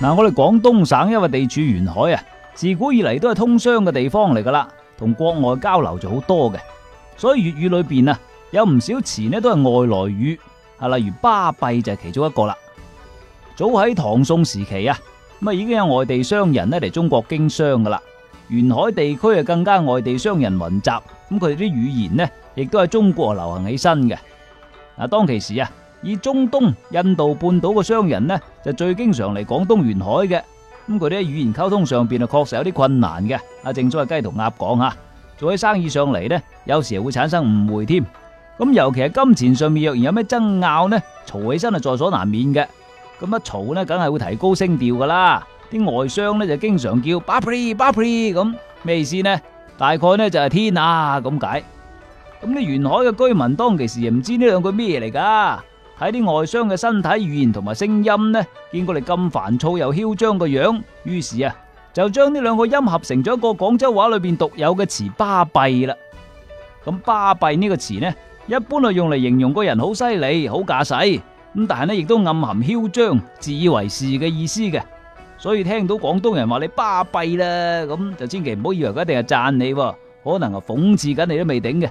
嗱，我哋廣東省因為地處沿海啊，自古以嚟都係通商嘅地方嚟噶啦，同國外交流就好多嘅，所以粵語裏邊啊，有唔少詞咧都係外來語，係例如巴閉就係其中一個啦。早喺唐宋時期啊，咁啊已經有外地商人咧嚟中國經商噶啦，沿海地區啊更加外地商人雲集，咁佢哋啲語言咧亦都係中國流行起身嘅。啊，當其時啊。以中東、印度半島嘅商人呢，就最經常嚟廣東沿海嘅。咁佢哋喺語言溝通上邊啊，確實有啲困難嘅。正所謂啊，雞同鴨講吓，做起生意上嚟呢，有時會產生誤會添。咁尤其係金錢上面，若然有咩爭拗呢，嘈起身啊，在所難免嘅。咁一嘈呢，梗係會提高聲調噶啦。啲外商呢就經常叫巴普利巴普利，咁咩意思呢？大概呢就係、是、天啊咁解。咁呢沿海嘅居民當其時唔知呢兩句咩嚟噶。睇啲外商嘅身體語言同埋聲音呢，見過你咁煩躁又囂張嘅樣，於是啊，就將呢兩個音合成咗一個廣州話裏邊獨有嘅詞——巴閉啦。咁巴閉呢、呢個詞呢，一般係用嚟形容個人好犀利、好駕駛，咁但係呢亦都暗含囂張、自以為是嘅意思嘅。所以聽到廣東人話你巴閉啦，咁就千祈唔好以為佢一定係讚你喎、啊，可能係諷刺緊你都未頂嘅。